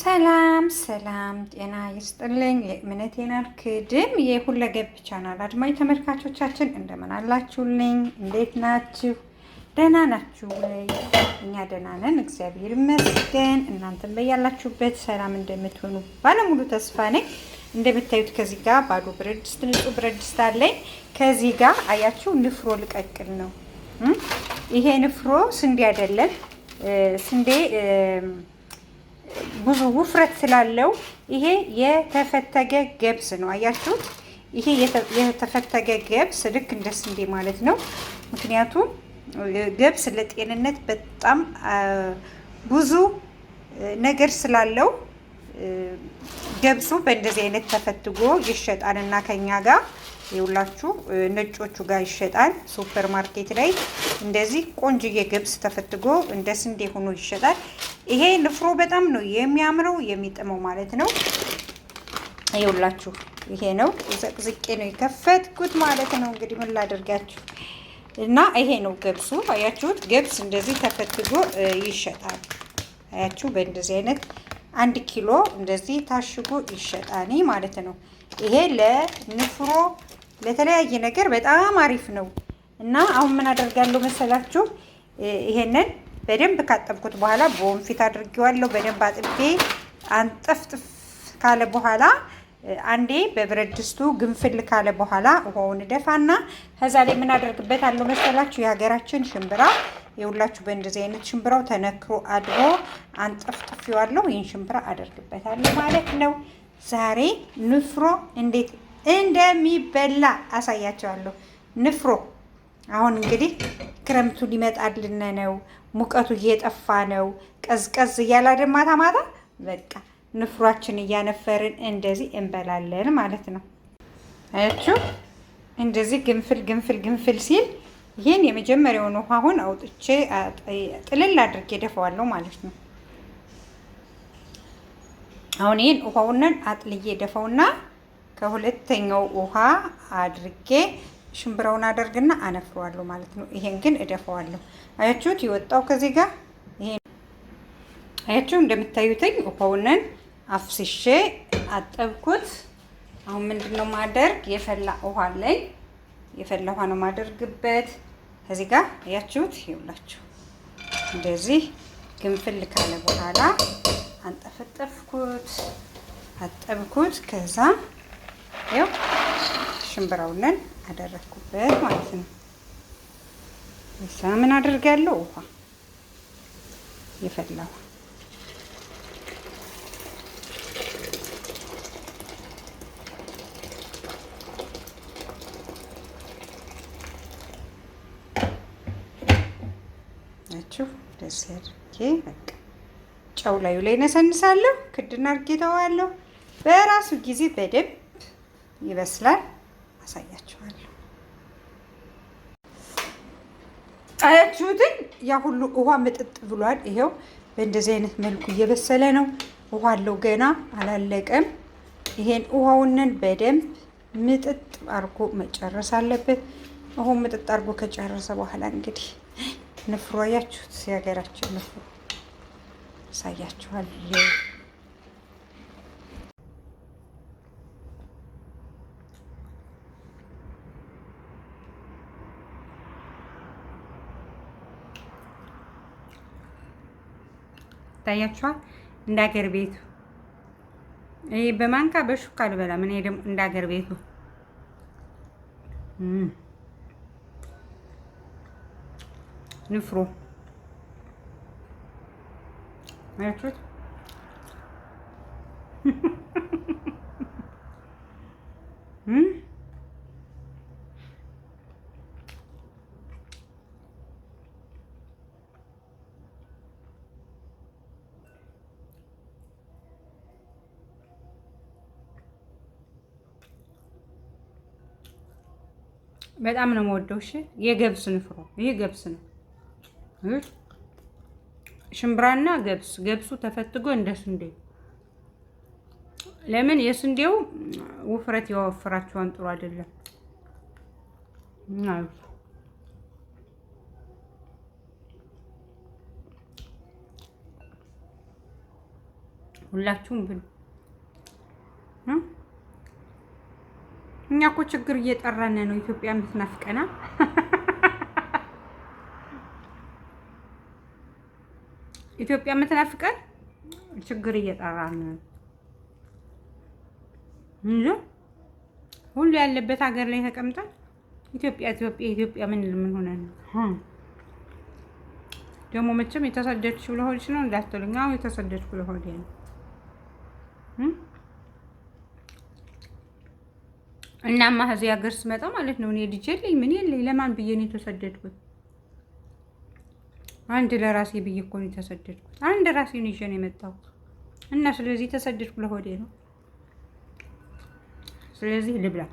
ሰላም ሰላም፣ ጤና ይስጥልኝ። የእምነቴን አልክድም የሁለገብ ቻናል አድማጭ ተመልካቾቻችን እንደምን አላችሁልኝ? እንዴት ናችሁ? ደህና ናችሁ ወይ? እኛ ደህና ነን፣ እግዚአብሔር ይመስገን። እናንተም በያላችሁበት ሰላም እንደምትሆኑ ባለሙሉ ተስፋ ነኝ። እንደምታዩት ከዚህ ጋር ባዶ ብረት ድስት፣ ንጹህ ብረት ድስት አለኝ። ከዚህ ጋር አያችሁ ንፍሮ ልቀቅል ነው። ይሄ ንፍሮ ስንዴ አይደለም ስንዴ ብዙ ውፍረት ስላለው ይሄ የተፈተገ ገብስ ነው። አያችሁት? ይሄ የተፈተገ ገብስ ልክ እንደ ስንዴ ማለት ነው። ምክንያቱም ገብስ ለጤንነት በጣም ብዙ ነገር ስላለው ገብሱ በእንደዚህ አይነት ተፈትጎ ይሸጣል እና ከኛ ጋር ይውላችሁ ነጮቹ ጋር ይሸጣል። ሱፐር ማርኬት ላይ እንደዚህ ቆንጅዬ ገብስ ተፈትጎ እንደ ስንዴ ሆኖ ይሸጣል። ይሄ ንፍሮ በጣም ነው የሚያምረው የሚጥመው ማለት ነው። ይውላችሁ ይሄ ነው ዘቅዝቄ ነው የከፈትኩት ማለት ነው። እንግዲህ ምን ላደርጋችሁ እና ይሄ ነው ገብሱ። አያችሁት? ገብስ እንደዚህ ተፈትጎ ይሸጣል። አያችሁ በእንደዚህ አይነት አንድ ኪሎ እንደዚህ ታሽጎ ይሸጣል ማለት ነው። ይሄ ለንፍሮ ለተለያየ ነገር በጣም አሪፍ ነው እና አሁን ምን አደርጋለሁ መሰላችሁ? ይሄንን በደንብ ካጠብኩት በኋላ በወንፊት አድርጌዋለሁ። በደንብ አጥቤ አንጠፍጥፍ ካለ በኋላ አንዴ በብረት ድስቱ ግንፍል ካለ በኋላ ውሃውን ደፋና ከዛ ላይ ምን አደርግበታለሁ መሰላችሁ? የሀገራችን ሽምብራ የሁላችሁ በእንደዚህ አይነት ሽምብራው ተነክሮ አድሮ አንጠፍጥፊዋለሁ። ይህን ሽምብራ አደርግበታለሁ ማለት ነው። ዛሬ ንፍሮ እንዴት እንደሚበላ አሳያቸዋለሁ። ንፍሮ አሁን እንግዲህ ክረምቱ ሊመጣልን ነው። ሙቀቱ እየጠፋ ነው። ቀዝቀዝ እያለ አይደል? ማታ ማታ በቃ ንፍሯችን እያነፈርን እንደዚህ እንበላለን ማለት ነው። አያችሁ እንደዚህ ግንፍል ግንፍል ግንፍል ሲል ይህን የመጀመሪያውን ውሃ አሁን አውጥቼ ጥልል አድርጌ ደፈዋለሁ ማለት ነው። አሁን ይህን ውሃውን አጥልዬ ደፈውና ከሁለተኛው ውሃ አድርጌ ሽምብራውን አደርግና አነፍረዋለሁ ማለት ነው። ይሄን ግን እደፈዋለሁ። አያችሁት? የወጣው ከዚህ ጋር ይሄ አያችሁ? እንደምታዩትኝ ውሃውን አፍስሼ አጠብኩት። አሁን ምንድነው ማደርግ? የፈላ ውሃ የፈላ ውሃ ነው የማደርግበት። ከዚህ ጋር እያችሁት ይውላችሁ እንደዚህ ግንፍል ካለ በኋላ አንጠፈጠፍኩት፣ አጠብኩት። ከዛ ያው ሽንብራውነን አደረግኩበት ማለት ነው። እዛ ምን አድርጋለሁ? ውሃ የፈላ ውሃ እንዳያችሁ እንደዚህ አድርጌ በቃ ጨው ላዩ ላይ ነሰንሳለሁ። ክድና አድርጌ ተዋለሁ። በራሱ ጊዜ በደንብ ይበስላል። አሳያችኋለሁ። አያችሁትን? ያ ሁሉ ውሃ ምጥጥ ብሏል። ይሄው በእንደዚህ አይነት መልኩ እየበሰለ ነው። ውሃ አለው ገና አላለቀም። ይሄን ውሃውንን በደንብ ምጥጥ አድርጎ መጨረስ አለበት። ውሃው ምጥጥ አድርጎ ከጨረሰ በኋላ እንግዲህ ንፍሮ አያችሁት? የሀገራችን ንፍሮ ሳያችኋል። ታያችኋል። እንደ ሀገር ቤቱ ይህ በማንካ በሹካ አልበላም። እኔ ደግሞ እንደ ሀገር ቤቱ ንፍሮ አያችሁት? በጣም ነው የምወደው። እሺ የገብስ ንፍሮ ይህ ገብስ ነው። ሽምብራና ገብስ ገብሱ ተፈትጎ እንደ ስንዴ ለምን የስንዴው ውፍረት ያወፍራቸዋን ጥሩ አይደለም። ሁላችሁም ብሉ። እኛ እኮ ችግር እየጠራን ነው። ኢትዮጵያ የምትናፍቀና ኢትዮጵያ የምትናፍቀን ችግር እየጠራን እንጂ ሁሉ ያለበት ሀገር ላይ ተቀምጠን ኢትዮጵያ ኢትዮጵያ ኢትዮጵያ ምን ምን ሆነን ደግሞ መቼም የተሰደድሽ ብለሆድሽ ነው እንዳትሉኝ። አዎ የተሰደድኩ ብለሆድ ነው። እናማ እዚህ ሀገር ስመጣ ማለት ነው እኔ ልጅ የለኝ ምን የለኝ ለማን ብዬ ነው የተሰደድኩት? አንድ ለራሴ ብዬ እኮ ነው የተሰደድኩት። አንድ ራሴን ይዤ ነው የመጣሁት እና ስለዚህ ተሰደድኩ። ለሆዴ ነው። ስለዚህ ልብላ